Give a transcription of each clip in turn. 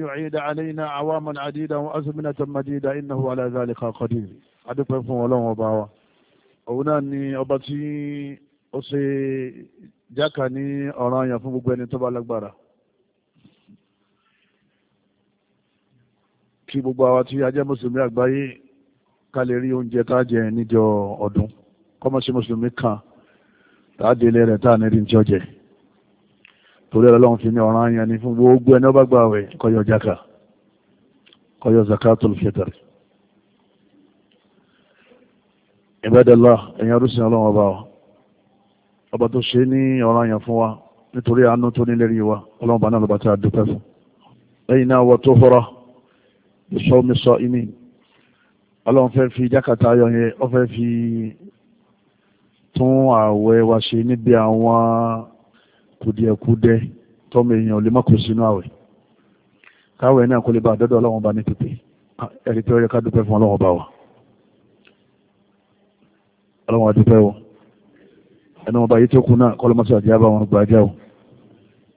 يعيد علينا عواما عديدة وأزمنة مديدة إنه على ذلك قدير adúpẹ́ fún ọlọ́run ọba wa òun náà ni ọba tí ó ṣe jákà ní ọ̀ràn àyàn fún gbogbo ẹni tó bá lágbára kí gbogbo àwa tí a jẹ́ mùsùlùmí àgbáyé ká lè rí oúnjẹ tá jẹ níjọ ọdún kọ́mọ̀sí mùsùlùmí kan tá a délé rẹ̀ tá a ní rí ní tí ó jẹ torí ọlọ́run fi ní ọ̀ràn ayẹn ni fún gbogbo ẹni ọba gbà wẹ̀ kọyọ jaka kọyọ zakatul fitr ibadallah ẹ̀yìn arúsìn ọlọ́run ọba ọba tó ṣe ní ọ̀ràn ayẹn fún wa nítorí àánú tó ní lérí wa ọlọ́run bá náà lọ́ba tí a dúpẹ́ fún lẹ́yìn náà wọ́n tó fọ́ra ìṣọ́mi sọ ìní ọlọ́run fẹ́ fi jákàtà ayọ̀ yẹn ọ fẹ́ fi tún ààwẹ̀ wa ṣe níbi àwọn kùdìẹ̀kùdẹ tọ́mọ èèyàn lè má kó sínú àwẹ̀ káwẹ̀ náà kó lè bá àdọ́dọ̀ ọlọ́wọ́n bá ní tètè ẹ̀rí pé ọyẹ ká dúpẹ́ fún ọlọ́wọ́n bá wa ọlọ́wọ́n adúpẹ́ wọ ẹnu ọba yìí tó kú náà kọ́ lọ́mọ́sí àjẹ́ bá wọn gbàjá o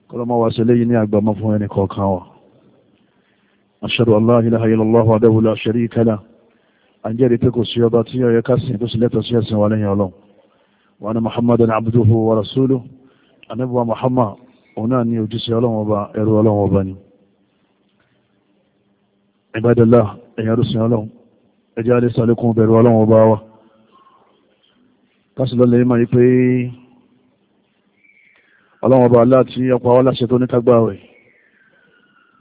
kọ́ wa ṣe léyìn ní àgbàmọ́ fún ẹnì kọ̀ọ̀kan wa ashhadu an la ilaha illallah wahdahu la sharika lah kò sí ọba tí ọyẹ ká tó sì lẹ́tọ̀ọ́ sí ẹ̀sìn wa lẹ́yìn ọlọ́run wa anna muhammadan abduhu wa rasuluhu anabiwa muhammad òun náà ni òjíṣẹ́ ọlọ́wọ́n ọba ẹrú ọlọ́wọ́n ọba ni ìbádọ́lá ẹ̀yà rúṣin ọlọ́wọ́n ẹjẹ́ alẹ́ sàlékún bẹ̀rù ọlọ́wọ́n ọba wa kásìlọ́lẹ̀ máa yí pé ọlọ́wọ́n ọba aláàtí ọpa wa láṣẹ tó ní kágbáwẹ̀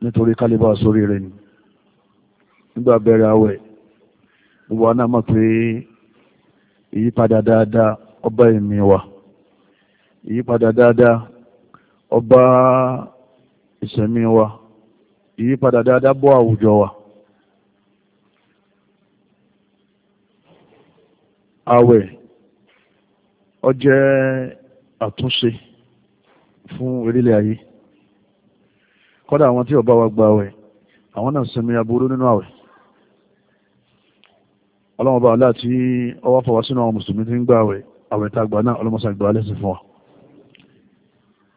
nítorí kálíbà sórí rẹ̀ ni nígbà bẹ̀rẹ̀ àwẹ̀ gbogbo wa náà mọ̀ pé ìyípadà dáadáa ọba ẹ̀mí wa ìyípadà dáadáa ọba ìṣẹ̀mí wa ìyípadà dáadáa bọ́ àwùjọ wa àwẹ̀ ó jẹ́ àtúnṣe fún orílẹ̀ ayé kọ́dà àwọn tí ọba wa gba àwẹ̀ àwọn náà sinmi aburú nínú àwẹ̀ ọlọ́mọba aláàtí ọwọ́ fọwọ́ sínú àwọn mùsùlùmí tí ń gba àwẹ̀ àwẹ̀ tá a gbà náà ọlọ́mọsàgbà lẹ́sìn fún wa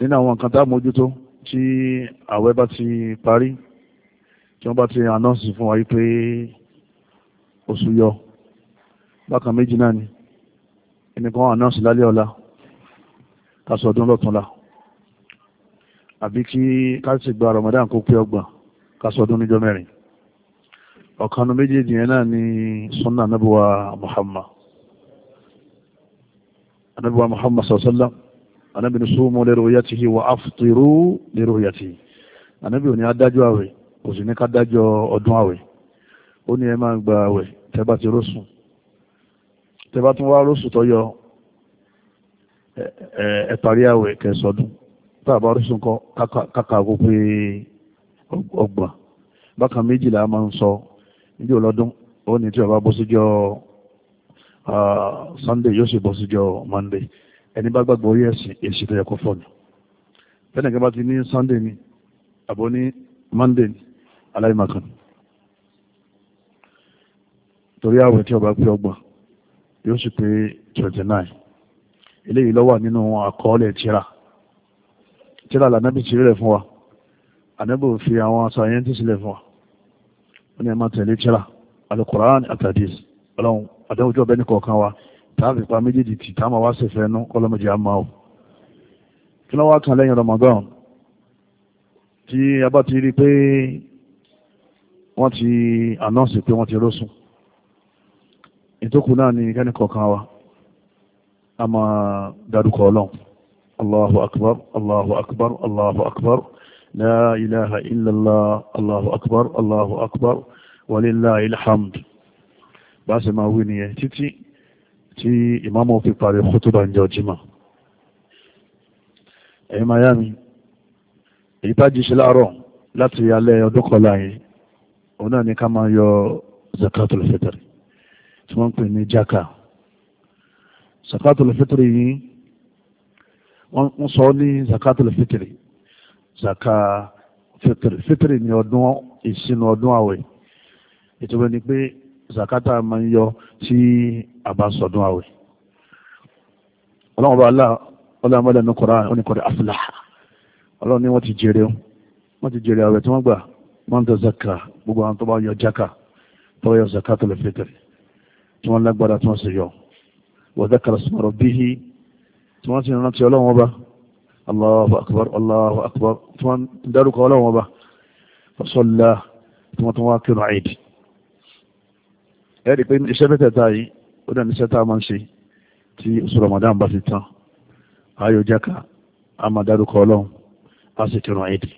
nínú àwọn nǹkan tá a mójútó tí àwẹ̀ bá ti parí tí wọ́n bá ti anọ́ọ̀sì fún wa yí pé oṣù yọ bákan méjì náà ni ẹnìkan anọ́ọ̀sì lálẹ́ ọ̀la kásọ̀ọ́dún lọ́túnla àbí kí káàsì gba Ramadan kó pé ọgbà kásọ̀ọ́dún níjọ́ mẹ́rin ọ̀kanu méjèèjì yẹn náà ni sunna anabuwa Muhammad anabuwa Muhammad sallallahu alaihi anábì ní súnmọ́ lérò yàtì yìí wà áfùtìrú lérò yàtì yìí anábì ò ní adájọ́ àwẹ̀ kò sì ní ká dájọ́ ọdún àwẹ̀ ó ní ẹ máa gba àwẹ̀ tẹ́bá ti rósùn tẹ́bá tún wá rósùn tọ́yọ ẹ parí àwẹ̀ kẹsọdún tá a bá rósùn kọ káka kó pé ọgbọ̀n bákan méjìlá máa ń sọ ní ọlọ́dún ó ní tí ọba bọ́ ah, Sunday yóò sì bọ́ Monday ẹni bá gbàgbọ́ orí ẹ̀sìn èsì tó yẹ kó fọ́ọ̀nù bẹ́ẹ̀ ni bá ti ní sunday ni àbò ní monday ni aláìmọ̀kan torí àwẹ̀ tí ọba pé ọgbọ̀n yóò sì pé twenty nine eléyìí ló wà nínú àkọọ́lẹ̀ tíra tíra lànàbì ti rẹ̀ fún wa ànábì fi àwọn sáyẹ́ntìsì lẹ̀ fún wa ó ní ẹ̀ máa tẹ̀lé tíra alukoran àtàdís ọlọ́run àdáwùjọ́ bẹ́ẹ̀ ní kọ̀ọ̀kan wa táàbì pa méjèèjì tì táàmà wá sẹ̀fẹ̀ ẹnu kọ́lọ́mọdé á máa ò kí ló wá kan lẹ́yìn Ramadan tí a bá ti rí pé wọ́n ti anọ́ọ̀sì pé wọ́n ti rọ́sùn ìtókù náà ni kẹ́ni kọ̀ọ̀kan wa a máa dárúkọ ọlọ́run Allahu akbar Allahu akbar Allahu akbar la ilaha Allahu akbar Allahu akbar walillahil hamd bá sì máa wí nìyẹn títí tí ìmáàmù fi parí kútúbà ń jẹ ọjímà ẹ̀yin miami èyí tájì ṣe láàárọ̀ láti alẹ́ ọdún kọlá yìí òun náà ní ká máa yọ zakatul fitr tí wọ́n ń pè ní jaka zakatul fitr yìí wọ́n sọ ní zakatul fitr zaka fitr fitr ní ọdún ìsinú ọdún àwẹ̀ ìtumọ̀ ni pé zakata máa ń yọ tí a bá sọdún àwẹ̀ ọlọ́run bá lá ọlọ́run bá lẹ́nu kọ́ra oníkọ́rẹ́ afúlá ọlọ́run ni wọ́n ti jèrè wọ́n ti jèrè àwẹ̀ tí wọ́n gbà wọ́n ń tẹ zaka gbogbo àwọn tó bá yọ jaka tó yọ zakatul fitr tí wọ́n lágbára tí wọ́n sì yọ wọ́n zakara sọ̀rọ̀ bíi tí wọ́n sì rántí ọlọ́run ọba Allahu akbar Allahu akbar tí wọ́n dárúkọ ọlọ́run ọba fasọ́lá tí wọ́n tún wá kírun àìdí ẹ rí i pé iṣẹ́ mẹ́tẹ̀ẹ̀ta yìí ó dẹ̀ níṣẹ́ tá a máa ń ṣe tí oṣù Ramadan bá ti tán ayò jáka a máa dárúkọ ọlọ́run a sì kírun àìdì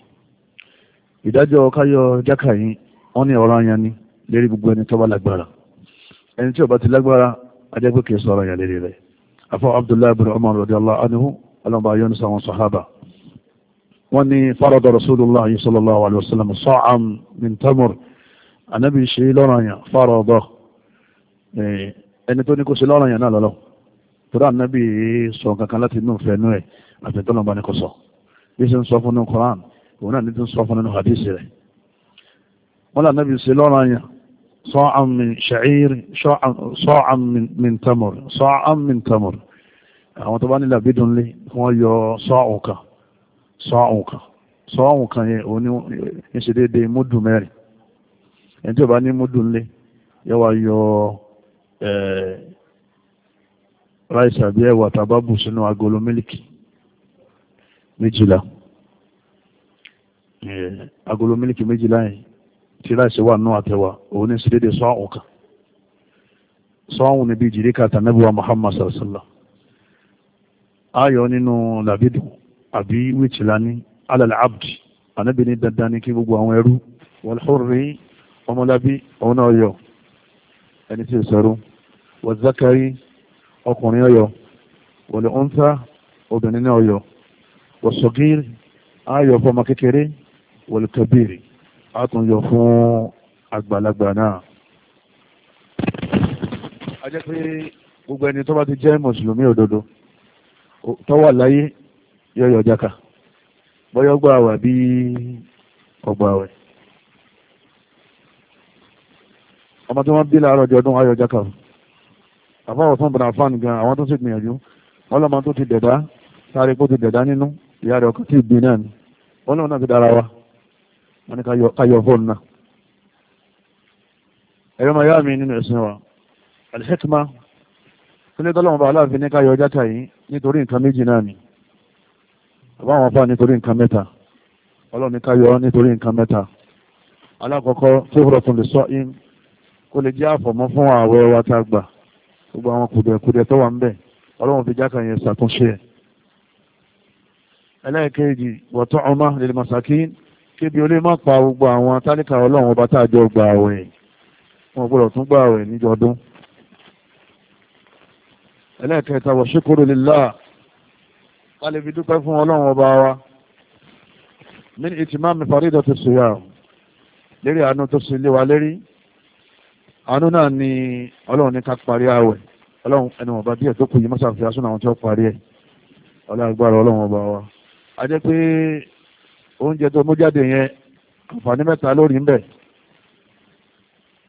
ìdájọ́ káyọ̀ jáka yìí wọ́n ní ọ̀rọ̀ ayan ni lérí gbogbo ẹni tó bá lágbára ẹni tí ó ti lágbára ajẹ́ pé sọ̀rọ̀ ayan lérí rẹ̀ afọ Abdullahi bin Umar radiyallahu anhu ọlọ́mọba ayọ́nu sáwọn sahaba wọ́n ní farada rasulullah sallallahu alaihi wasallam sa'am min tamur anabi ṣe lọ́rọ̀ ayan farada Eh, ẹni tó ní kó ṣe lọ́rọ̀ yẹn náà lọ́lọ́ torí ànábì sọ kankan láti inú ìfẹ́ inú ẹ̀ bá ní kó sọ bí ṣe ń sọ fún ní Quran òun náà ní ti ń sọ fún nínú hadith rẹ̀ wọ́n lànà bí ṣe lọ́rọ̀ yẹn صاعا من شعير صاعا من من تمر صاعا من تمر àwọn tó bá nílà bídùn lé wọ́n yọ sọ́ọ̀kan sọ́ọ̀kan sọ́ọ̀kan yẹn òní ìṣe déédéé múdù mẹ́rin ẹni tí ò bá ní múdù lé yẹ wá yọ Eh, ráìsì àbí ẹ̀wà tàbábù sínú agolo mílìkì méjìlá eh, agolo mílìkì méjìlá yìí tí ráìsì wà nù àtẹ̀wà òun ní sídédé sọ́ọ̀hún kan sọ́ọ̀hún níbi ìjìríkà tànẹ́bùwà Muhammad sallallahu ayọ̀ nínú làbídùn àbí wíìtìlá ní alàlẹ́ abdi ànábì dandan ní kí gbogbo àwọn ẹrú wal hurri ọmọlábí òun náà ẹni tí ò wàzákàrí ọkùnrin ọyọ wọlé ọ̀nsá obìnrin náà ọyọ wọ̀sọ̀gírì ayọ̀ fọmọ kékeré wọlé kabiri àtúnyọ fún àgbàlagbà náà. a jẹ́ pé gbogbo ẹni tó bá ti jẹ́ mùsùlùmí òdodo tó wà láyé yọ̀yọ̀ jáka bọ́yọ́ gbà wà bí ọgbà wẹ̀. ọmọ tí wọ́n bí láàárọ̀ ọjọ́ ọdún ayọ̀ jáka àbá ọ̀sán bọ̀nà fáànù gan àwọn tó sì gbìyànjú wọn lọ́mọ tó ti dẹ̀dá sáré kó ti dẹ̀dá nínú ìyá rẹ̀ ọkọ̀ tí ì gbin náà ni wọn lọ́wọ́ náà ti dára wa wọn ni ká yọ fóònù náà. ẹ̀rọ máa yá mi nínú ẹ̀sìn wa alhikma kílé tọ́lọ́mọ bá aláàfin ní ká yọ játa yìí nítorí nǹkan méjì náà ni àbá àwọn fáà nítorí nǹkan mẹ́ta ọlọ́run ní ká yọ nítorí nǹkan mẹ́ta alákọ̀ọ́kọ́ tó rọ̀ fún lè sọ gbogbo àwọn kùdẹ̀kùdẹ̀ tó wà ń bẹ̀ ọlọ́run fi jákà yẹn ṣàtúnṣe ẹ̀ ẹlẹ́ẹ̀kejì wọ̀tọ́ ọmọ lèlè màsàkí kébi olè má pa gbogbo àwọn tálíkà ọlọ́run ọba táàjọ gbà àwẹ̀ wọn gbọ́dọ̀ tún gbà àwẹ̀ níjọdún ẹlẹ́ẹ̀kẹta wọ̀ ṣíkúrò lílá ká lè fi dúpẹ́ fún ọlọ́run ọba wa min ìtìmáàmì farídọ̀ tó ṣe yà lérí àánú tó ṣe lé wa lérí àánú náà ni ọlọ́run ní ká parí àwẹ̀ ọlọ́run ẹnu ọba díẹ̀ tó kù yìí mọ́sá fi asún àwọn tí wọ́n parí ẹ̀ ọlọ́gbàrá ọlọ́run ọba wa a jẹ́ pé oúnjẹ tó mú jáde yẹn àǹfààní mẹ́ta lórí ń bẹ̀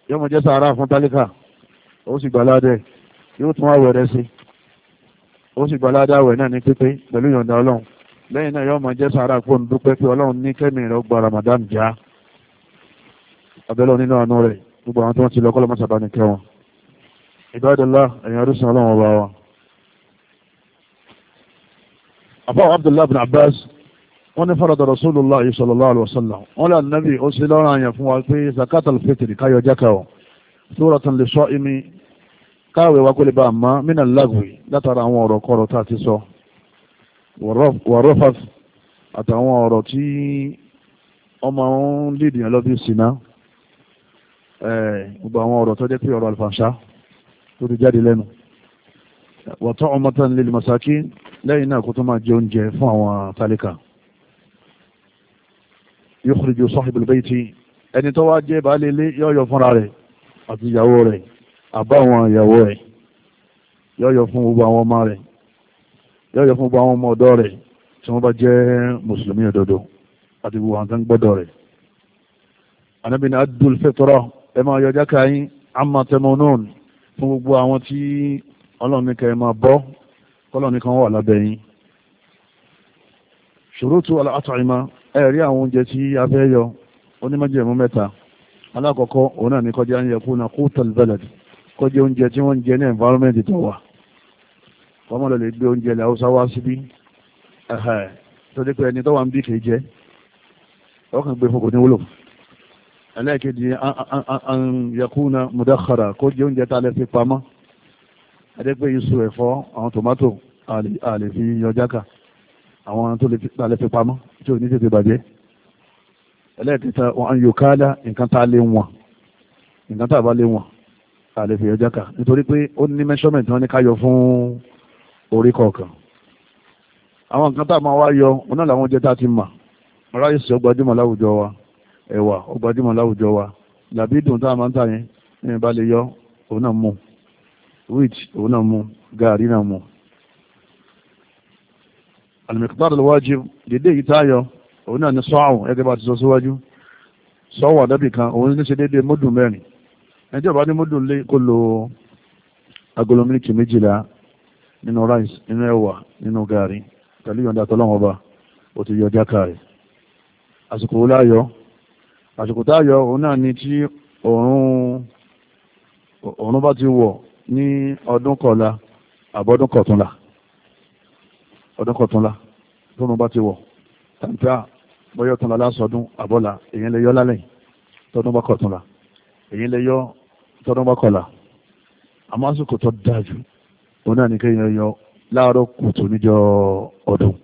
yóò mọ jẹ́ sàárà fún tálíkà ó sì gbàládẹ yóò tún àwẹ̀ rẹ sí ó sì gbàládẹ àwẹ̀ náà ní pípé pẹ̀lú ìyọ̀ǹda ọlọ́run lẹ́yìn náà yóò mọ jẹ́ sàárà pé òun dúpẹ́ pé àánú rẹ̀ gbogbo àwọn tí wọ́n ti lọ kọ́lọ́ mọ́sàbá ní kẹwọn ìbádọ́lá ẹ̀yìn ọdún ọlọ́run ọba wa àbáwọ̀ abdullahi bin abbas wọ́n ní farada rasulullah sallallahu alaihi wasallam wọ́n lè nàbí ó sì lọ́rọ̀ àyàn fún wa pé zakat alfitri káyọ̀ jákàwọ̀ suratan lè Eh, gbogbo àwọn ọ̀rọ̀ tó jẹ́ pé ọ̀rọ̀ àlùfànṣá tó ti jáde lẹ́nu wàtọ́ ọmọta lil masakin lẹ́yìn náà kó tó máa jẹ oúnjẹ fún àwọn tálíkà yukhriju sahibul bayti ẹni tó wá jẹ́ baálé ilé yọ́ọ̀yọ̀ fúnra rẹ̀ àti ìyàwó rẹ̀ àbá àwọn ìyàwó rẹ̀ yọ́ọ̀yọ̀ fún gbogbo àwọn ọmọ rẹ̀ yọ́ọ̀yọ̀ fún gbogbo àwọn ọmọ ọ̀dọ́ rẹ̀ tí wọ́n bá jẹ́ mùsùlùmí òdodo àti gbogbo àwọn tó ń gbọ́dọ̀ rẹ̀ anábìnrin adúl fẹ́tọ́rọ̀ ẹ máa yọ jáka yín àmà tẹmọnọ́ọ̀nù fún gbogbo àwọn tí ọlọ́run ní kẹ́ ẹ máa bọ́ kọ́lọ́run ní kan wà lábẹ́ yín ṣòrótù àtàìmá ẹ̀rí àwọn oúnjẹ tí a fẹ́ yọ onímọ̀jẹ̀mú mẹ́ta alákọ̀ọ́kọ́ òun náà ní kọjá ń yẹkú na kútàl bẹ́lẹ̀dì kọjá oúnjẹ tí wọ́n ń jẹ ní environment tó wà wọ́n lọ lè gbé oúnjẹ ilẹ̀ haúsá wá síbí tó dé pé ẹni tó wà ń bí kì jẹ ọkàn gbé fokò ní wúlò ẹlẹ́ẹ̀kejì àyẹ̀kúnà mùdákàrà kó jẹ oúnjẹ tá a lè fi pamọ́ adẹ́pẹ́ iṣu ẹ̀fọ́ àwọn tòmátò àlè fi yọjáka àwọn tó lè fi pamọ́ tí ò ní tètè bàjẹ́ ẹlẹ́ẹ̀kẹta wọn yòókàlà nǹkan tá a lè wọ̀n nǹkan tá a bá lè wọ̀n àlè fi yọjáka nítorí pé ó ní measurement wọn ní ká yọ fún orí kọ̀ọ̀kan àwọn nǹkan tá máa wá yọ wọn náà làwọn oúnjẹ tá a ti mà ráyè sí láwùjọ wa ẹ̀wà ó gbajúmọ̀ láwùjọ wa làbídùn tá a máa ń tà yẹn ní ìbá lè yọ òun náà mú wheat òun náà mú gaari náà mú. al-miqdar al-wajib dédé yìí tá a yọ òun náà ní sọ́ọ̀hún ẹgbẹ́ bá ti sọ síwájú sọ́ọ̀hún àdábì kan òun ní ṣe dédé mọ́dù mẹ́rin ẹjọ́ bá ní mọ́dù lé kó lo agolo mílíkì méjìlá nínú rice nínú ẹ̀wà nínú gaari pẹ̀lú yọ̀ǹda tọ́lọ́wọ́n ọba ó ti yọ jákàá àsìkò wọlé ayọ̀ àsìkò tá a yọ òun náà ni tí òun bá ti wọ̀ ní ọdún kọ̀la àbọ̀dún kọ̀túnla ọdún kọ̀túnla tóun bá ti wọ̀ tàǹtà bọ́yọ̀ tún la lásọdún àbọ̀là èyí lè yọ lálẹ́ tọdún bá kọ̀túnla èyí lè yọ tọdún bá kọ̀la àmọ́ àsìkò tó dáa jù òun náà ni kéèyàn yọ láàárọ̀ kùtù níjọ́ ọdún.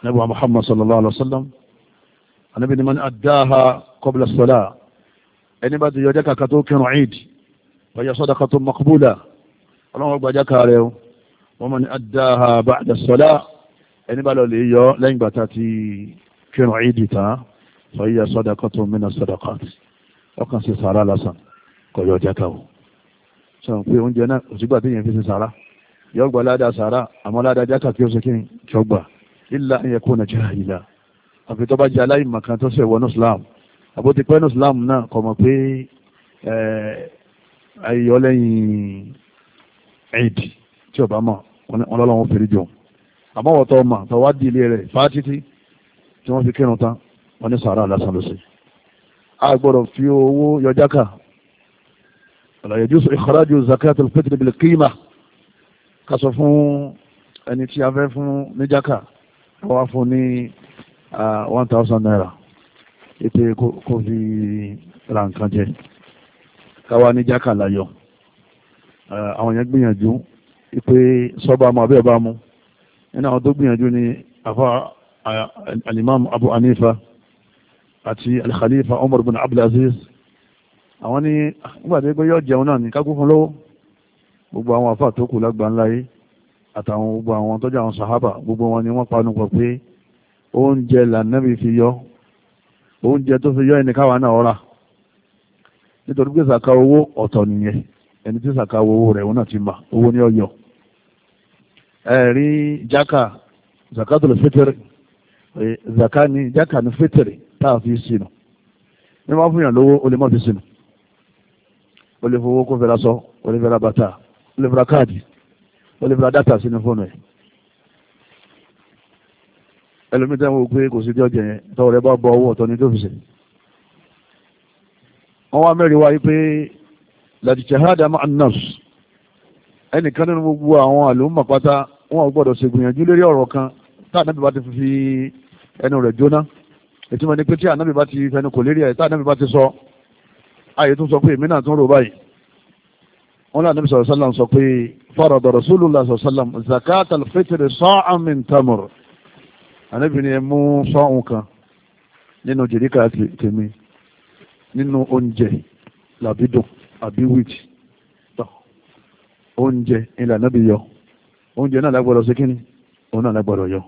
Ànábì wa Muhammad sallallahu alaihi wa sallam anabi ni man addaha qabla as-salah ẹni bá ti yọ jáka kàtó kírun eid wọ́n yọ sọ́dọ̀ kàtó makbula ọlọ́run gba jáka rẹ̀ o wọ́n man addaha ba'da as-salah ẹni bá lọ lè yọ lẹ́yìn gbàtà ti kírun eid tán wọ́n yọ sọ́dọ̀ kàtó mina sadaqat ọkàn sí sàrà lásán kò yọ jáka o sọ pé oúnjẹ náà òsígbà tí yẹn fi sí sàrà yọ ládàá sàrà àmọ́ ládàá jáka kí ó ṣe kí ó gbà illa an yakuna jahila àfi tó bá jẹ́ aláìmọ̀ kan tó ṣẹ̀ wọnú Islam àbótí pẹ́ẹ́nù Islam náà kọ̀ mọ̀ pé ayọ̀ lẹ́yìn Eid tí ọba mọ̀ wọn lọ́lọ́wọ́n fèrè jọ àmọ́ wọ́tọ́ ọmọ tọ́wá di ilé rẹ̀ fátítí tí wọ́n fi kírun tán wọ́n ní sàárà lásán ló ṣe a gbọ́dọ̀ fi owó yọjáka la yajuzu ikhraju zakat al-fitr bil qima ká sọ fún ẹni tí a fẹ́ fún níjáka wọ́n wá fún ní Uh, one thousand naira ètè kò fi ra nǹkan jẹ káwa ní jákà láyọ uh, àwọn yẹn gbìyànjú pé sọ́ba mu àbẹ́ ọba mu nínú àwọn tó gbìyànjú ni àfa uh, alimam abu hanifa àti alkhalifa umar bin abdulaziz àwọn ní nígbàtí pé yóò jẹun náà ní kákú fún lọ́wọ́ gbogbo àwọn àfa tó kù lágbàá ńlá yìí àtàwọn gbogbo àwọn tọ́jú àwọn sàhábà gbogbo wọn ni wọ́n panu pọ̀ pé oúnjẹ lànàbì fi yọ oúnjẹ tó fi yọ ẹni káwa náà ọ̀rà nítorí pé sàkà owó ọ̀tọ̀ nìyẹn ẹni tí sàkà owó rẹ̀ òun náà ti mà owó ní ọyọ ẹ̀rí jákà zakatul fitr zaka ni jákà ní fitr tá a fi sínú ní wọ́n fún yàn lówó o lè má fi sínú o lè fowó kó fẹ́ lásán o lè fẹ́ bàtà o lè fẹ́ káàdì o lè fẹ́ dátà sínú fóònù ẹ̀ ẹlòmí tẹ́ wọ́n pé kò sí jọ́jẹ̀ yẹn tọ́wọ́ rẹ bá bọ ọwọ́ ọ̀tọ̀ ní tó fi ṣe wọ́n wá mẹ́rin wáyé pé ladìjahada ma annas ẹnìkan nínú gbogbo àwọn àlòmọ̀ pátá wọn ò gbọ́dọ̀ ṣe gbìyànjú lórí ọ̀rọ̀ kan tá ànábì bá ti fi ẹnu rẹ̀ jóná ìtumọ̀ ni pé tí ànábì bá ti fẹnu kò lérí ẹ̀ tá ànábì bá ti sọ ayé tún sọ pé èmi náà tún rò báyìí wọn náà ànábì sallallahu alaihi sọ pé farada rasulullah sallallahu alaihi wasallam zakat al-fitr sa'an tamur ànábìnrin ẹ mú sọ́hun kan nínú jìríkà tèmi nínú oúnjẹ làbídùn àbí wíìtì oúnjẹ ilẹ̀ ànábì yọ oúnjẹ náà lágbọ́dọ̀ sí kíni òun náà lágbọ́dọ̀ yọ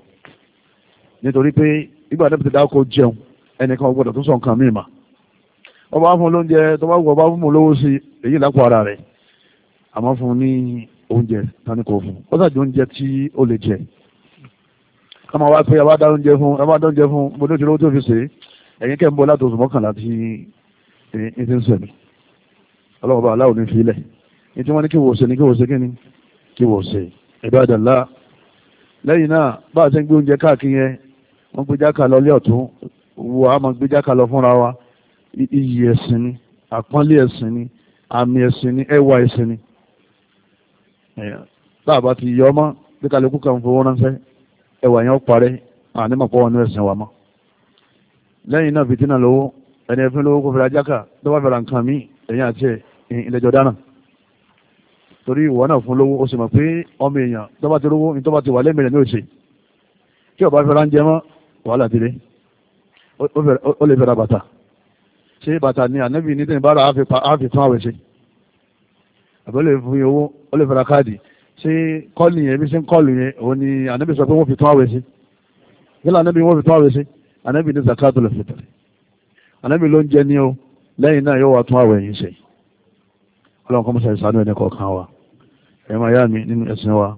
nítorí pé ìgbà ànábì ti dáko jẹun ẹnìkan gbọ́dọ̀ tó sọ nǹkan míì mà ọba fún lóúnjẹ tó bá wù ọba fún mu lówó sí èyí lápò ara rẹ̀ àmọ́ fún ní oúnjẹ tani kò fún ó sàjọ oúnjẹ tí ó lè jẹ ká máa wá pé ẹwà dá oúnjẹ fún ẹwà dá oúnjẹ fún mo ní òtún owó tó fi ṣe ẹ̀yìn kẹ́ ń bọ́ láti oṣù mọ́kànlá tí ní ti ń sẹ̀ mí ọlọ́run bá aláwọ̀ ní fi ilẹ̀ ní tí wọ́n ní kí wò ṣe ní kí wò ṣe kí ni kí wò ṣe ìbádàlá lẹ́yìn náà bá a ṣe ń gbé oúnjẹ káàkiri yẹn wọ́n gbé jáka lọ lé ọ̀tún wo a máa gbé jáka lọ fúnra wa iyì ẹ̀sìn ni àpọ́nlé ẹ̀sìn ni àmì ẹ̀sìn ni ẹwà ẹ̀sìn ni bá a bá ti yọ ọmọ ẹwà yẹn ó parẹ́ àní mọ̀pọ̀ wọn ní ẹ̀sìn wa mọ́ lẹ́yìn náà fìtínà lówó ẹni ẹ̀fín lówó kó fẹ́ra jákà tó bá fẹ́ra nǹkan míì ẹ̀yìn àti ẹ̀ ìlẹ̀jọ̀ dáná torí ìwọ náà fún lówó ó sì mọ̀ pé ọmọ èèyàn tó bá ti lówó ní tó bá ti wà lẹ́mìí ní òsè tí ọba fẹ́ra ń jẹ mọ́ wàhálà ti ó lè fẹ́ra bàtà ṣé bàtà ni ànábì ní tẹ̀yìn bára á fi tán àwẹ̀ ṣe àbẹ́lẹ̀ fún owó ó lè fẹ́ra káàdì ṣé kọ́ọ̀lù yẹn bí ṣe ń kọ́ọ̀lù yẹn òun ni ànábì sọ pé wọ́n fi tún àwẹ̀ sí yálà ànábì wọ́n fi tún àwẹ̀ sí ànábì ní zakatul fitr ànábì ló ń jẹ ní o lẹ́yìn náà yóò wá tún àwẹ̀ yìí ṣe ọlọ́run kọ́ mọ́sá ìsànú ẹni kọ̀ọ̀kan wa ẹ̀rọ ayá mi nínú ẹ̀sìn wa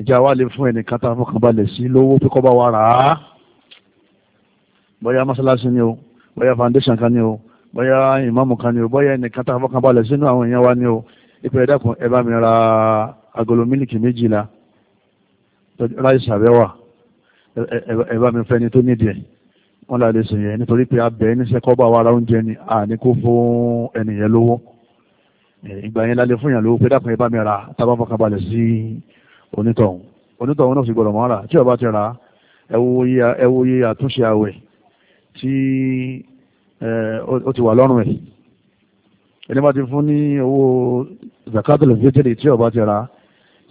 ìjà wa lè fún ẹnì kan tá a fọkàn balẹ̀ sí lówó pé bá wa rà á bóyá mọ́sálásí ni o bóyá foundation kan ni o bóyá ìmáàmù kan ni o bóyá ẹnì kan tá a fọkàn balẹ̀ sínú àwọn èèyàn wa ni o ìpè ẹ̀dá kan ẹ bá mi ra agolo mílìkì méjìlá ráìsì àbẹ́wà ẹ̀bá mi fẹ́ni tó nídìí ẹ̀ wọ́n là lè sìn yẹn nítorí pé abẹ́ níṣẹ́ kọ́ bá wa ara oúnjẹ ni àní kó fún ẹnìyẹn lówó ìgbà yẹn lálẹ́ fún yàn lówó pé dákun ẹ bá mi ra tábà fọkàn balẹ̀ sí onítọ̀hún onítọ̀hún náà sì gbọ́dọ̀ mọ́ ra tí ọba ti ra ẹ wo iye àtúnṣe àwẹ̀ tí ó ti wà lọ́rùn ẹ̀ ẹni bá ti fún ní owó zakatul fitri tí ọba ti ra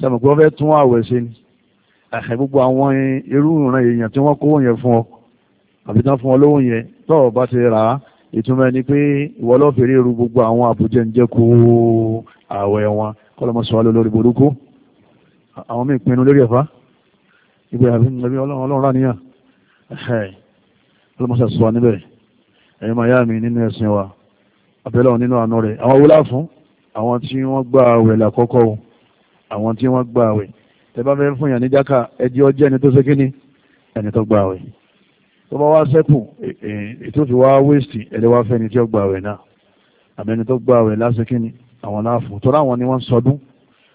sàmùkọ́ fẹ́ tún àwẹ̀ ṣe ni ẹ̀hẹ̀ gbogbo àwọn irú ìran èèyàn tí wọ́n kówó yẹn fún ọ àbí tán fún ọ lówó yẹn tọ́ọ̀ bá ti rà á ìtumọ̀ ẹni pé ìwọ lọ́fẹ̀ẹ́ ríru gbogbo àwọn àbújẹ ń jẹ́ kó àwẹ̀ wọn kọ́lọ́mọsọ lórí burúkú àwọn míì pinnu lórí ẹ̀fá ìgbé àbí nàbí ọlọ́run ráníyàn ẹ̀hẹ́ ọlọ́mọsẹ̀ sọ níbẹ̀ máa yá mi nínú ẹ̀sìn wa àbẹ́lọ́ nínú àánú rẹ̀ àwọn wúlá fún àwọn tí wọ́n gbà wẹ̀lẹ̀ àkọ́kọ́ àwọn tí wọ́n gba àwẹ̀ tẹ bá fẹ́ fún yàn ní jáka ẹjẹ́ ọjẹ́ ẹni tó ṣe kíní ẹni tó gba àwẹ̀ tó bá wá sẹ́kù ètò fi wá wéèsì ẹ̀lẹ́ wá fẹ́ni tí ó gba àwẹ̀ náà àmì ẹni tó gba àwẹ̀ lásì àwọn láàfù tó láwọn ni wọ́n sọdún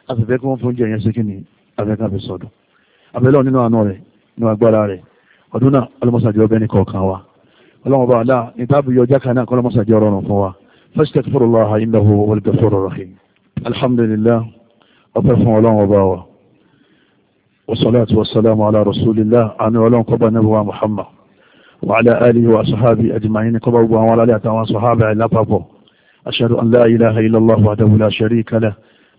láti fẹ́ kí wọ́n fún jẹ yẹn sí kíní abẹ́ká fi sọdún abẹ́lẹ́ nínú àánú rẹ̀ nínú agbára rẹ̀ ọdún náà ọlọ́mọsàdì ọbẹ̀ ní kọ̀ọ̀kan wa ọlọ́mọ bá aláà ní tábìlì ọjà kan náà kọ́lọ́mọsàdì ọrọ̀ fún wa fastaghfirullaha innahu huwal ghafurur rahim alhamdulillah ọpẹ́ fún ọlọ́run ọba wa wasalatu wasalamu ala rasulillah àni ọlọ́run kọba nẹ́bùwa muhammad wa ala alihi wa sahabi ajma'in kọba gbogbo àwọn alẹ́ àtàwọn sahaba ìlápapọ̀ ashhadu an la ilaha illallah wahdahu la sharika lah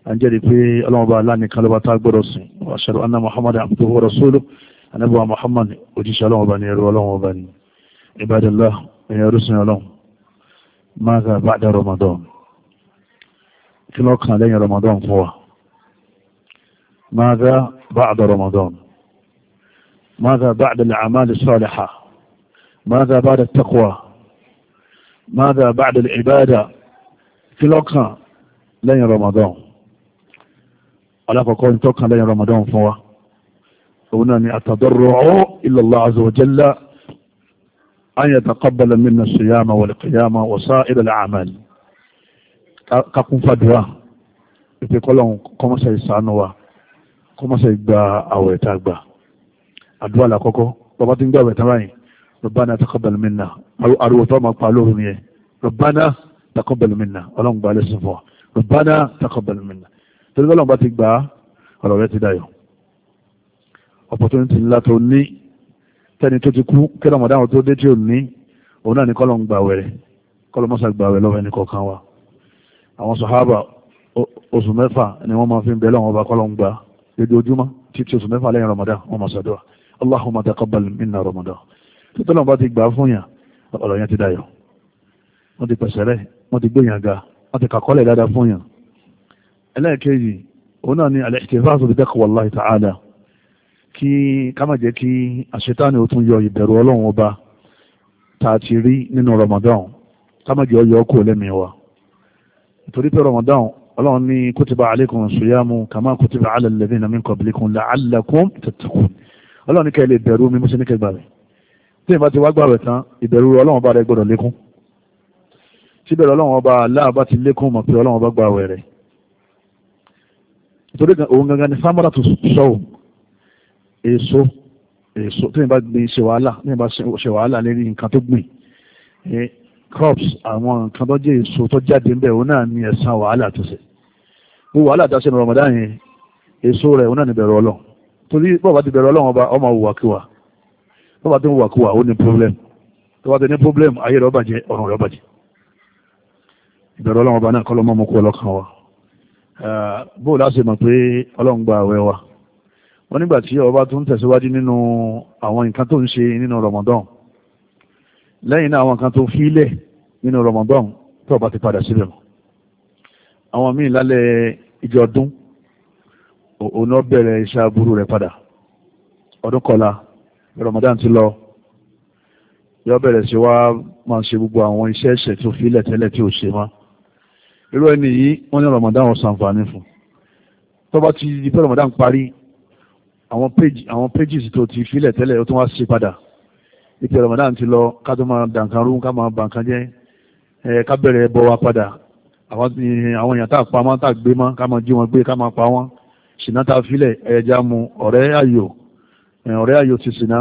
an jẹ́rìí pé ọlọ́run ọba aláàni kan lọ́ba tá gbọ́dọ̀ sìn wa ashhadu anna muhammadan abduhu wa rasuluhu anẹ́bùwa muhammad òjíṣẹ́ ọlọ́run ọba ni ẹrú ọlọ́run ọba ni ibadallah ẹ̀yẹ orísun ọlọ́run máa ba'da ramadan kí lọ́kàn lẹ́yìn ramadan fún wa ماذا بعد رمضان ماذا بعد الأعمال الصالحة ماذا بعد التقوى ماذا بعد العبادة في الوقت لين رمضان على فقول توقع لين رمضان فهو قلنا أتضرع يتضرع إلا الله عز وجل أن يتقبل منا الصيام والقيامة وصائر الأعمال كقوم فدوى في كلهم قمسة يسعنوا kọmọ́sẹ̀ gba àwẹ̀ tá a gbà àdúrà làkọ́kọ́ bàbá tí ń gbà àwẹ̀ tá báyìí Rabbana taqabbal minna ariwo tó máa pa lóhùn yẹn Rabbana taqabbal minna lẹ́sìn fún wa Rabbana taqabbal torí ọlọ́run bá ti gbà ọ̀rọ̀ rẹ ti dayọ̀ opportunity ńlá tó ní tẹ́ni tó ti kú kí ọmọdáwọn tó dé tí ò ní òun náà ní kọ́lọ̀ ń wẹ̀rẹ̀ kọ́lọ̀ ni wọ́n máa fi ń lójoojúmọ́ títí oṣù mẹ́fà lẹ́yìn ramadan wọn máa ṣàdúrà allahumma taqabbal minna ramadan títí lọ́nà bá ti gbà fún yàn ọ̀rọ̀ yẹn ti dayọ̀ wọ́n ti pẹ̀sẹ̀rẹ́ wọ́n ti gbéyàn ga wọ́n ti kàkọ́lẹ̀ dáadáa fún yàn ẹlẹ́ẹ̀kejì òun náà ni al-ihtifaz bi taqwallahi ta'ala kí ká má jẹ́ kí àṣetáni ó tún yọ ìbẹ̀rù ọlọ́run ọba tá a ti rí nínú ramadan ká má jẹ́ ọyọ ọkọ̀ lẹ́mìí wa nítorí pé ramadan ọlọ́run ní kutiba alaykum as-siyamu kama kutiba ala alladhina min qablikum la'allakum tattaqun ọlọ́run ní kẹ́ lè bẹ̀rù mi mọ́sí ní kẹgbà rẹ̀ tí ìbá ti wá gbà rẹ̀ tán ìbẹ̀rù ọlọ́run bá rẹ̀ gbọ́dọ̀ lékún tí bẹ̀rù ọlọ́run ọba aláàbá ti lékún mọ̀ pé ọlọ́run bá gbà wẹ̀ rẹ̀ nítorí òun gangan ni samara tó sọ̀wọ́ èso èso tí ìbá gbin ṣe wàhálà ní ìbá ṣe wàhálà lérí nǹkan tó gbìn crops àwọn nǹkan tó jẹ́ èso tó jáde ń bẹ̀ òun náà ni ẹ̀san wàhálà tó ṣe gbogbo wàhálà tó ṣe ní Ramadan yẹn èso rẹ̀ òun náà ni bẹ̀rù Ọlọ́run torí bọ́ọ̀bá ti bẹ̀rù Ọlọ́run ọba ọmọ wùwàkiwà bọ́ọ̀bá ti ń wùwàkiwà ó ní problem tó bá ti ní problem ayé rẹ̀ ó bàjẹ́ ọ̀run rẹ̀ ó bàjẹ́ ìbẹ̀rù Ọlọ́run ọba náà kọ́lọ́ mọ́mọ́kú ọlọ́kan wa bóò láti mọ̀ pé Ọlọ́run gba àwẹ̀ wa wọ́n nígbà Ramadan lẹ́yìn náà àwọn kan tó fílẹ̀ nínú Ramadan tó bá ti padà síbẹ̀ mọ́ àwọn míì lálẹ́ ìjọ ọdún òun náà bẹ̀rẹ̀ iṣẹ́ aburú rẹ̀ padà ọdún kọlá Ramadan ti lọ yọ bẹ̀rẹ̀ sí wá máa ṣe gbogbo àwọn iṣẹ́ ẹ̀ṣẹ̀ tó fílẹ̀ tẹ́lẹ̀ tí ò ṣe mọ́ irú ẹni yìí wọ́n ní Ramadan wọn ṣàǹfààní fún tó bá ti di pé Ramadan parí àwọn pages tó ti fílẹ̀ tẹ́lẹ̀ ó tún wá ṣe padà ìpè Ramadan ti lọ ká tó máa dànkan rú ká máa bànkan jẹ́ ẹ ká bẹ̀rẹ̀ bọ́ wa padà àwọn èèyàn tá a pa wọn tá a gbé mọ́ ká máa jí wọn gbé ká máa pa wọn ṣìnà tá a filẹ̀ ẹ̀ẹ́dá mu ọ̀rẹ́ ayò ọ̀rẹ́ ayò ti ṣìnà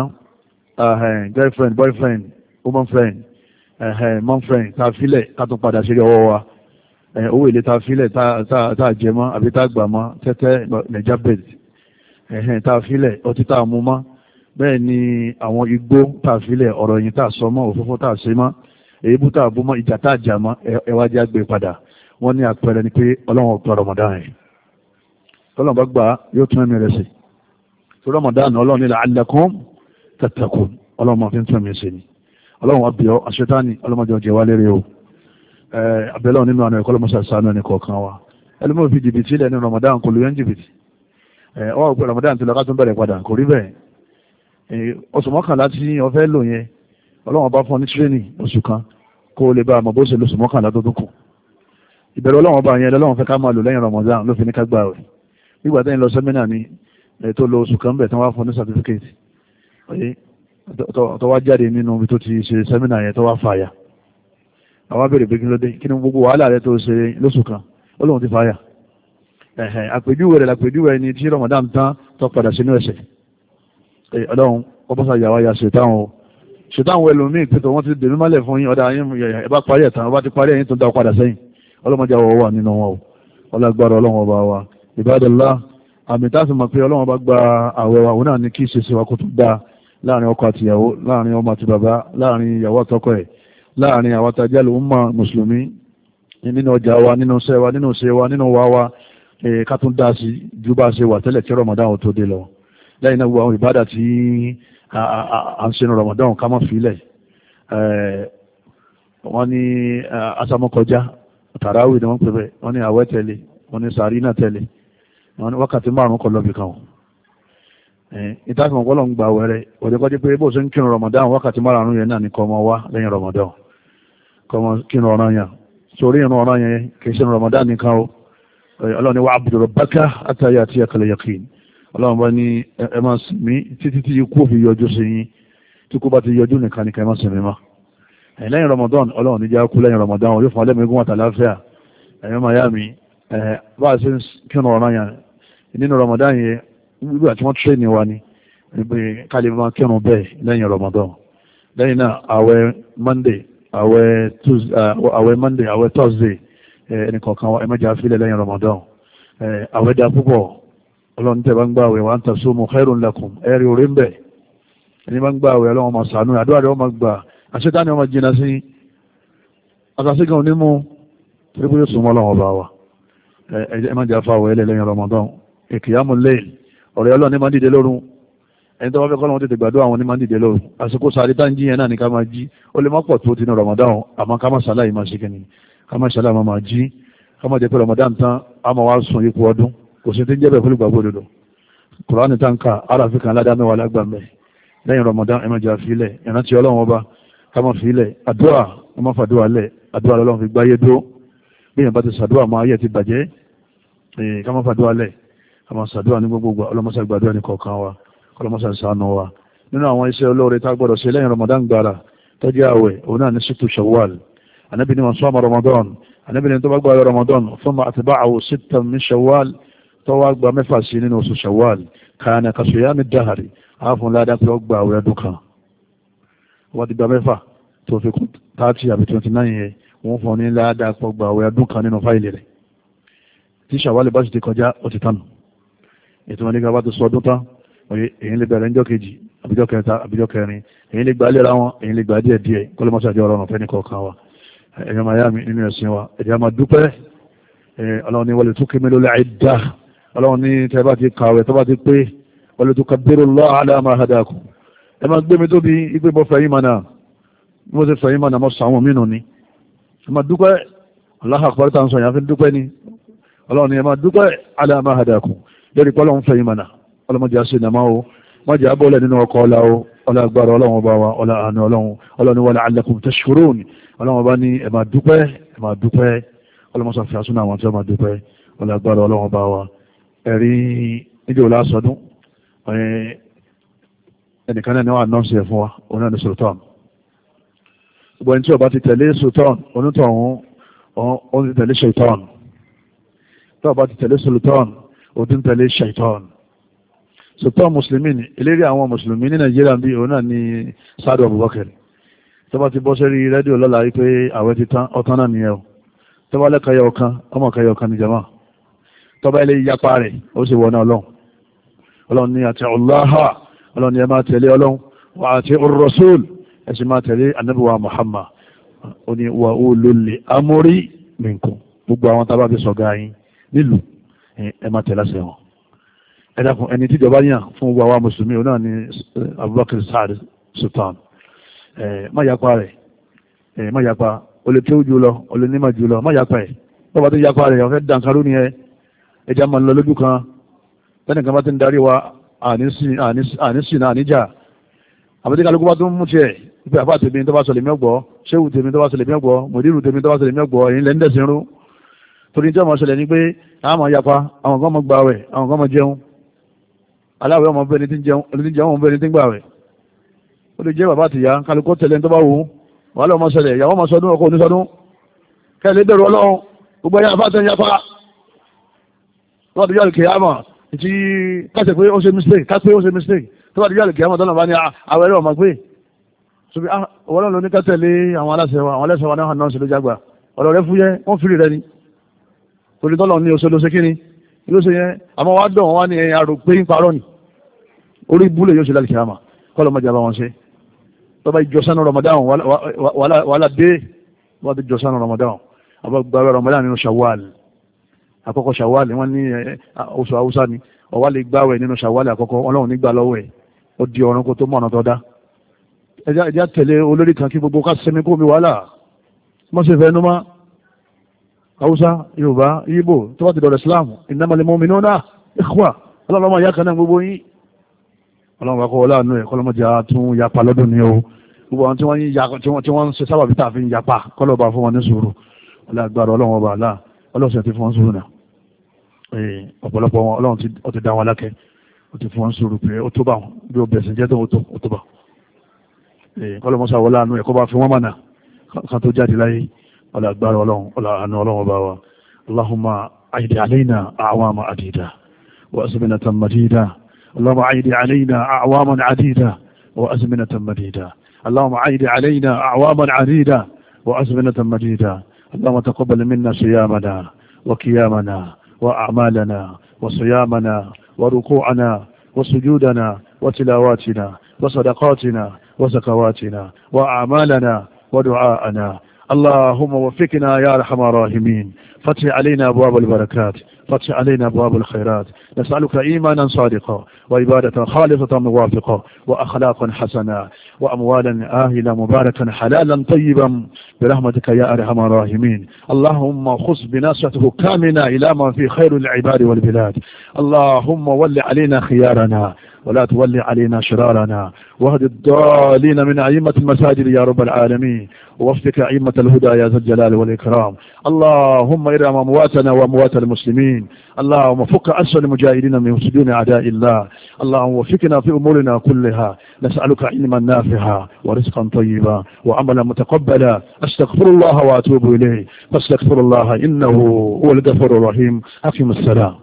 girlfriend boyfriend woman friend man friend tá a filẹ̀ ká tó padà ṣe ọwọ́ wa owó èlé tá a filẹ̀ tá a jẹ mọ́ àbí tá a gbà mọ́ tẹ́tẹ́ nàìjà bẹ́ẹ̀dì tá a filẹ̀ ọtí tá a mu mọ́ bẹ́ẹ̀ ni àwọn igbó tààfilẹ̀ ọ̀rọ̀ yìí tà sọmọ́ òfófó tà sí mọ́ èébú tà bú mọ́ ìjà tà jà mọ́ ẹwájú àgbè padà wọ́n ní àpẹẹrẹ ni pé ọlọ́run ọ̀pẹ rọmọdán yẹn tọ́lọ́run bá gbà yóò tún ẹ̀mí rẹ̀ sí tó rọmọdán ọlọ́run ní la'allakum tattaqun ọlọ́run máa fi tún ẹ̀mí sí ni ọlọ́run ọbẹ̀ àṣetáni ọlọ́mọdé ọjẹ́ wálé rẹ̀ o abẹ́lẹ́ nínú àná ẹ̀kọ́ lọ́mọṣẹ́ sànú ẹni kọ̀ọ̀kan wa ẹlẹ́mọ̀ fi Eh, oṣù mọ́kànlá tí wọ́n fẹ́ lò yẹn ọlọ́run bá fún ọ ní tírénì oṣù kan kó o lè bá àmọ́ bó ṣe lóṣù mọ́kànlá tó tó kù ìbẹ̀rù ọlọ́run bá yẹn lọ́lọ́run fẹ́ ká máa lò lẹ́yìn Ramadan ló fi ní ká gbà rẹ̀ nígbà tẹ́yìn lọ sẹ́mínà ni eh, tó lo oṣù kan bẹ̀ tí wọ́n wá fún ní certificate tó wá jáde nínú ibi tó ti ṣe sẹ́mínà yẹn tó wá fàyà àwọn abẹ́rẹ́ pé kí ló dé kí ni gbogbo wàhálà rẹ tó ṣe lóṣù kan ó lóun ti fàyà àpèjúwe rẹ̀ làpèjúwe ẹni tí Ramadan tán tó padà sínú ẹ̀ṣẹ̀ Eh, ọlọ́run ọbọ̀sà yàwá ya ṣètáwọn o ṣètáwọn ẹlòmíì pẹ̀tọ̀ wọ́n ti dèmí mọ́lẹ̀ fún yín ọ̀dà yín ẹ bá parí ẹ̀tàn ọba ti parí ẹ̀yìn tó ń da padà sẹ́yìn ọlọ́mọdé àwọ̀ wà nínú wọn o ọlọ́gbàrọ̀ ọlọ́run ọba wa ìbádọ́lá àmì táàsì mọ̀ pé ọlọ́run ọba gba àwẹ̀ wa òun náà ni kí ṣeṣe wa kó tó dáa láàrin ọkọ àti ìyàwó láàrin ọmọ àti bàbá láàrin ìyàwó àtọkọ ẹ̀ láàrin àwọn tajà ló ń mọ mùsùlùmí nínú ọjà wa nínú iṣẹ́ wa nínú iṣẹ́ wa nínú wa wa eh, ká tún dá sí ju bá ṣe wà tẹ́lẹ̀ kí rọ̀mọ̀dá ò tó dé lọ lẹ́yìn náà gbogbo àwọn ìbádà tí à ń sinú Ramadan ká mọ́ fílẹ̀ eh, wọ́n ní eh, asámọ́kọjá tàràwì ni wọ́n pè bẹ́ẹ̀ wọ́n ní àwẹ̀ tẹ̀lé wọ́n ní sàárì náà tẹ̀lé wọ́n ní wákàtí márùn kọ́ lọ́bì kan ìtàkùn ọ̀pọ̀lọ̀ ń gba wẹ̀rẹ̀ òdekọ́jú pé bó ṣe ń kírun Ramadan wákàtí márùn yẹn náà ni kọ́ ọmọ wa lẹ́yìn Ramadan kọ́ ọmọ kírun ọ̀ràn yẹn sórí ìrun ọ̀ràn yẹn kì í ṣe Ramadan nìkan o eh, ọlọ́ni wa abdul baka atayé àti ẹ̀kọ́lẹ̀ ọlọ́run bá ní ẹ máa sìn mí títí tí ikú òfin yọjú sí yín tí kú bá ti yọjú nìkan nìkan ẹ máa sìn mí mọ́ lẹ́yìn Ramadan ọlọ́run níjà kú lẹ́yìn Ramadan yóò fún alẹ́mẹ́gún àtàláfíà ẹ̀yọ́ miami bá a ṣe ń kírun ọ̀ràn yẹn nínú Ramadan yẹn nígbà tí wọ́n tírẹ́nì wa ni kálífà kírun bẹ́ẹ̀ lẹ́yìn Ramadan lẹ́yìn náà àwẹ̀ Monday àwẹ̀ Tuesday àwẹ̀ Monday àwẹ̀ Thursday ẹnìkọ̀ọ̀kan ẹ̀mẹ́jà fílẹ̀ Ramadan àwẹ̀ dá púpọ̀ ọlọ́run tẹ́ bá ń gbààwẹ̀ wa an tasumu khairun lakum ẹ̀rí orí ń bẹ̀ ẹni bá ń gbààwẹ̀ ọlọ́run máa sànú àdúrà rẹ̀ ọmọ gbà àṣetáni ọmọ jìnnà sí àtàṣe gan onímú torí yóò sùn ọlọ́run ọba wa ẹ má jẹ́ afáwọ̀ ẹlẹ́ lẹ́yìn Ramadan ìkìyàmù lẹ́yìn ọ̀rẹ́ ọlọ́run ní máa ń dìde lóru ẹni tó bá fẹ́ kọ́lọ́run tètè gbàdúrà àwọn ní máa ń dìde lóru àsìkò sáré tá ń jí yẹn náà ní ká máa jí ó lè má pọ̀ tó tinú Ramadan àmọ́ ká má sàlàyé máa ṣe kìnnì ká má sàlàyé máa jí ká má jẹ́ pé Ramadan tán á máa wá sun ipò ọdún kò sí tí ń jẹ́bẹ̀ fún ìgbàgbọ́ òdodo kùránì táǹkà aráàfin kan ládàá mẹ́wàá lágbàmẹ́ lẹ́yìn ramadan ẹ̀mẹ́jà fílẹ̀ ìrántí ọlọ́run ọba kámọ́ fílẹ̀ àdúrà ọmọ fàdúrà lẹ̀ àdúrà lọ́lọ́run fi gbáyé dúró bí yẹn bá ti sàdúrà máa yẹ ti bàjẹ́ kámọ́ fàdúrà lẹ̀ àmọ́ sàdúrà ní gbogbo ọlọ́mọsà gbàdúrà ní kọ̀ọ̀kan wa ọlọ́mọsà ṣàánú wa nínú àwọn iṣẹ́ olóore tá a gbọ́dọ̀ ṣe lẹ́yìn ramadan gbára tọ́jú àwẹ̀ òun náà ní sítú shawwal anábìnrin wọn sọ́mọ ramadan anábìnrin tó bá gbára ramadan fún ma àtibá àwọ̀ sítà min shawwal tó wá gba mẹ́fà sí nínú oṣù shawwal kàánà kàṣùyàmì dáhàrí àáfún ládá pé ó gba àwẹ̀ ọdún kan wọ́n ti gba mẹ́fà tó fi kún tààtì àbí twenty nine yẹn wọ́n fún ní ládá pọ̀ gba àwẹ̀ ọdún kan nínú fáìlì rẹ̀ tí shawwal bá sì ti kọjá ó ti tánu ètò wọn ní ká bá ti sọ ọdún tán oye èyí lè bẹ̀rẹ̀ ńjọ́ kejì àbíjọ́ kẹta àbíjọ́ kẹrin èyí lè gbà lera wọn èyí lè gbà díẹ̀ díẹ̀ kó lè mọ́ sàjọ́ ọ̀rọ̀ ọ̀fẹ́ nìkọ̀ọ̀kan wa ẹ̀yọ́ màyá mi nínú ẹ̀sìn wa ẹ̀dí máa dúpẹ́ ọlọ́run ni wọlé tún kí mi lólè àìdá ọlọ́run ní tẹ́ bá ti kàwé tó bá ti pé wọlé tó kàbérò lọ́ àdáàmà àdáàkù ẹ máa gbé mi tóbi ipé bọ́ fẹ̀yìn mọ̀nà bí mo ti fẹ̀yìn mọ̀nà mọ́ sàwọn mínú ni ẹ máa dúpẹ́ aláha àpárítà ń sọ yàn fi dúpẹ́ ni ọlọ́run ní ẹ máa dúpẹ́ àdáàmà àdáàkù lórí pọ́lọ́ ń fẹ̀yìn mọ̀nà ọlọ́mọdé àṣẹ ìnàmá o mọ́jà abọ́lẹ̀ nínú ọkọ̀ ọlá o ẹ̀rí níjẹ́ òlá sọdún ẹnìkan náà ni wọ́n anọ́ọ̀sì ẹ̀ fún wa òun náà ni sultan gbogbo ẹni tí ọba ti tẹ̀lé sultan onítọ̀hún òun ti tẹ̀lé shaitan tí ọba ti tẹ̀lé sultan òun ti tẹ̀lé shaitan sultan mùsùlùmí ni eléré àwọn mùsùlùmí ní nàìjíríà bí òun náà ni sadu abubakar tọ́ba ti bọ́ sẹ́rí rédíò lọ́la yìí pé àwẹ̀ ti tán ọ̀tán náà nìyẹn o tọ́ba lẹ́ka yọ ọ̀kan ọmọ kan yọ ọ̀kan ní jama tọ́ba ilé ìyapa rẹ̀ ó sì wọ̀nà ọlọ́run ọlọ́run ní àti ọláhà ọlọ́run ní ẹ máa tẹ̀lé ọlọ́run wà àti ar-rasul ẹ Muhammad ó ní wà ó lólè amórí minkum gbogbo àwọn tábà fi sọ̀gá yín nílùú ẹ máa tẹ̀lé àṣẹ wọn ẹ dákun ẹni tíjọba yàn fún gbogbo àwa mùsùlùmí ọ náà eh, Abubakar Saad Sultan ẹ má yapa rẹ̀ ẹ má yapa olè kéwù jù lọ olè nímà jù lọ má yapa ẹ bọ́ba yapa rẹ̀ ọ̀fẹ́ dankarú ni ẹ ẹja máa ń lọ lójú kan tẹ́nìkan bá ti ń darí wa àníṣìnà àníjà àbẹ́tí kálukú bá tún mú tiẹ̀ ipe àfa tèmi tó bá sọ lèmi ọ̀gbọ́ ṣéwù tèmi tó bá sọ lèmi ọ̀gbọ́ mòdìrú tèmi tó bá sọ lèmi ọ̀gbọ́ èyí lẹ́ni dẹ̀sìn rú torí tí ọmọ ṣẹlẹ̀ ni pé àmọ́ yapa àwọn kan mọ̀ gbàwẹ̀ àwọn kan mọ̀ jẹun aláwẹ̀ ọmọ bẹ́ẹ̀ ni ti jẹun ọmọ bẹ́ẹ̀ ni ti gbàwẹ̀ ó lè jẹ́ bàbá àtìyá kálukú tẹ̀lé tó bá wù wàhálà ọmọ ṣẹlẹ̀ ìyàwó ọmọ sọdún ọkọ oníṣọdún kẹ́lẹ́ bẹ̀rù ọlọ́run gbogbo ẹ̀yà àfa tẹ̀ yapa tọ́wọ́ àdìjọ́ àlùkè àmà tí kásẹ̀ pé ó ṣe mistake kásẹ̀ pé ó ṣe mistake tọ́wọ́ àdìjọ́ àlùkè àmà tọ́nà bá ní ah, àwọn ẹ̀rọ ọ̀mà gbé ṣùgbọ́n ah, ọ̀wọ́n lọ́nà oníkà tẹ̀lé àwọn aláṣẹ wa àwọn aláṣẹ wa náà náà ṣe ló jágbà ọ̀rọ̀ rẹ fúyẹ́ wọ́n fìrì rẹ ni torí tọ́lọ̀ ní oṣooṣo ṣe kíni ló ṣe yẹn àmọ́ wá dùn wá ní arò pé ń parọ́ ni orí búlẹ̀ yóò ṣe lálẹ́ kìlámà kọ́ lọ́mọdé àbá wọn ṣe tọ́ba ìjọsánú Ramadan wàhálà dé wọ́n ti jọsánú Ramadan àbá gbàgbé Ramadan nínú Shawwal àkọ́kọ́ ṣàwálì wọ́n ní oṣù haúsá ni ọ̀wá lè gbáwẹ̀ nínú ṣàwálì àkọ́kọ́ ọlọ́run nígbà lọ́wọ́ ẹ̀ ó di ọ̀run kó tó mọ̀ ọ̀nà tó dá ẹjá tẹ̀lé olórí kan kí gbogbo ká sẹ́mi kó mi wàhálà mọ́sẹ̀ fẹ́ númá haúsá yorùbá yíbò tó bá ti dọ̀rọ̀ islam innamal mu'minuna ikhwa ọlọ́run ọmọ ìyá kan náà gbogbo yín ọlọ́run bá kọ́ ni o gbogbo àwọn tí wọ́n ń ṣe sábàbí tààfin yapa kọ́lọ́ bá fún wọn ọlọ́run agbára ọlọ́run ọba àlá fún wọn sùúrù náà Eh, ọ̀pọ̀lọpọ̀ wọn ọlọ́run ti dá wọn lákẹ́ ó ti fún wọn sùúrù pé ó tó bá wọn bí ó bẹ̀sẹ̀ jẹ́ tó ó tó bá eh, kọ́lọ́mọ́sá wọlé àánú ẹ̀kọ́ bá fi wọ́n mọ̀nà kan tó jáde láyé ọ̀là agbára ọlọ́run ọ̀là àánú ọlọ́run bá wa allahumma ayidi alaina awama adida wa azminatan madida allahumma ayidi alaina awaman adida wa azminatan madida اللهم عيد علينا أعواما عديدة وأزمنة مديدة اللهم تقبل منا صيامنا وقيامنا وأعمالنا وصيامنا وركوعنا وسجودنا وتلاواتنا وصدقاتنا وزكواتنا وأعمالنا ودعاءنا اللهم وفقنا يا ارحم الراحمين فتح علينا ابواب البركات فتح علينا ابواب الخيرات نسالك ايمانا صادقا وعباده خالصه موافقه واخلاقا حسنا وأموالا اهلا مباركا حلالا طيبا برحمتك يا أرحم الراحمين اللهم خص بناصته كامنا إلى ما في خير العباد والبلاد اللهم ول علينا خيارنا ولا تولي علينا شرارنا واهد الضالين من أئمة المساجد يا رب العالمين ووفق أئمة الهدى يا ذا الجلال والإكرام اللهم إرحم أمواتنا وأموات المسلمين اللهم فك أسر المجاهدين من سجون أعداء الله اللهم وفقنا في أمورنا كلها نسألك علما نافعا نفسها ورزقا طيبا وعملا متقبلا أستغفر الله وأتوب إليه فاستغفر الله إنه هو الغفور الرحيم أقم السلام